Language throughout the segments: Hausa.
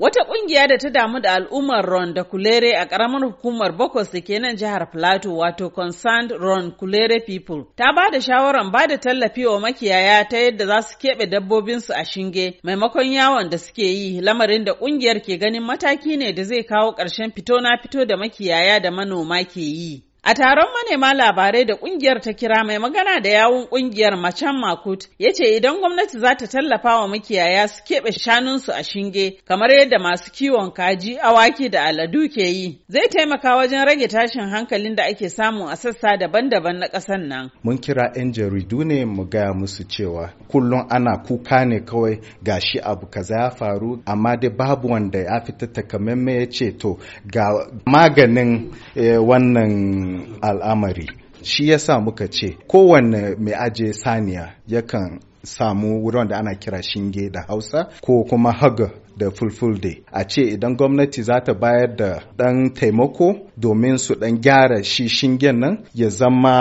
Wata ƙungiya da ta damu da al'ummar Ron da Kulere a ƙaramar hukumar Bokos da ke nan jihar Plateau wato Concerned Ron Kulere People ta ba da shawaran ba da tallafi wa makiyaya ta yadda za su keɓe dabbobinsu a shinge maimakon yawon da suke yi lamarin da ƙungiyar ke ganin mataki ne da zai kawo ƙarshen fito na fito da makiyaya da manoma ke yi. A taron manema labarai da kungiyar ta kira mai magana da yawun kungiyar Macen Makut ya ce idan gwamnati za ta tallafa wa makiyaya su keɓe shanunsu a shinge kamar yadda masu kiwon kaji, awaki da aladu ke yi zai taimaka wajen rage tashin hankalin da ake samu a sassa daban-daban na ƙasar nan. Mun kira 'yan jaridu ne mu gaya musu cewa kullum ana kuka ne kawai gashi abu kaza ya faru amma dai babu wanda ya fita takamaimai ya ce to ga maganin eh, wannan al'amari shi yasa muka ce kowanne mai aje saniya yakan samu wurin da ana kira shinge da hausa ko kuma haga da fulful day a ce idan gwamnati za ta bayar da ɗan taimako domin su ɗan gyara shi shingen nan ya zama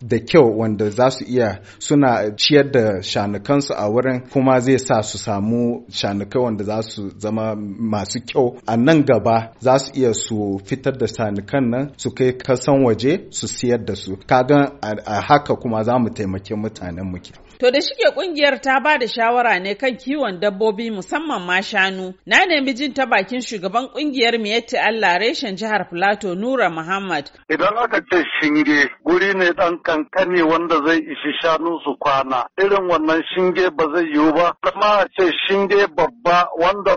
da kyau wanda za su iya suna ciyar da shanukansu a wurin kuma zai sa su samu shanukai wanda za su zama masu kyau a nan gaba za su iya su fitar da shanukan nan su kai kasan waje su siyar da su kagan a haka kuma za mu taimake mutanen mu To da shike kungiyar ta ba da shawara ne kan kiwon dabbobi musamman ma shanu. Na nemi jin ta bakin shugaban kungiyar Miyatti Allah reshen jihar Filato Nura Muhammad. Idan aka ce shinge guri ne dan kankani wanda zai ishi shanu su kwana. Irin wannan shinge ba zai yiwu ba. Kuma a ce shinge babba wanda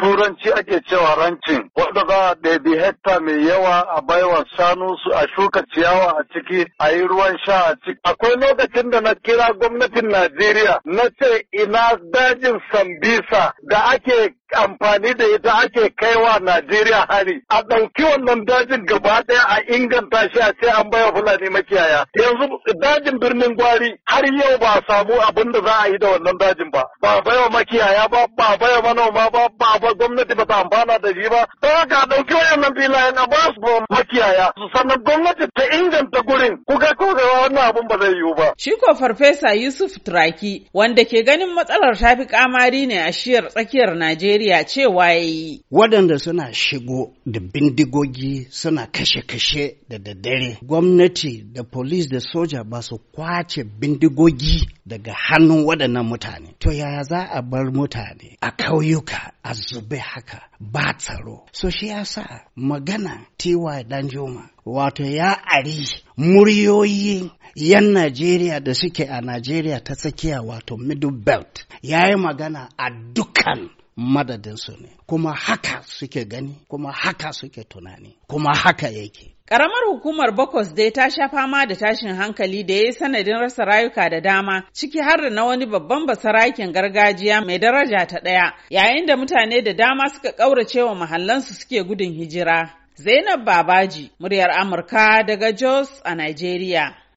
turanci ake cewa rancin wanda za a ɗebi hekta mai yawa a baiwa shanu su a shuka ciyawa a ciki a yi ruwan sha a ciki. Akwai lokacin da na kira gwamnati gwamnatin Najeriya na ce ina dajin Sambisa da ake amfani da ita ake kaiwa Najeriya hari. A ɗauki wannan dajin gaba ɗaya a inganta shi a ce an baya Fulani makiyaya. Yanzu dajin birnin gwari har yau ba samu abin da za a yi da wannan dajin ba. Ba baya makiyaya ba, ba baya manoma ba, ba ba gwamnati ba ta amfana da shi ba. Don haka ɗauki wannan filayen a ba su makiyaya. Sannan gwamnati ta inganta gurin. Kuga wannan abun ba zai yiwu ba. Shi ko Farfesa Yusuf Turaki wanda ke ganin matsalar tafi kamari ne a shiyar tsakiyar Najeriya cewa ya yi. Waɗanda suna shigo da bindigogi suna kashe-kashe da daddare. Gwamnati da polis da soja ba su kwace bindigogi daga hannun waɗannan mutane. To ya za a bar mutane a kauyuka a zube haka ba tsaro. So shi ya sa magana TY Danjuma wato ya ari muryoyi yan Najeriya da suke a Najeriya ta tsakiya wato middle belt ya yi magana a dukan madadinsu ne kuma haka suke gani kuma haka suke tunani kuma haka yake Ƙaramar hukumar Bokos dai ta sha fama da tashin hankali da ya yi sanadin rasa rayuka da dama, ciki har da na wani babban basarakin gargajiya mai daraja ta ɗaya, yayin da mutane da dama suka ƙaurace wa mahallansu suke gudun hijira. Zainab Babaji, muryar Amurka daga Jos a Nigeria.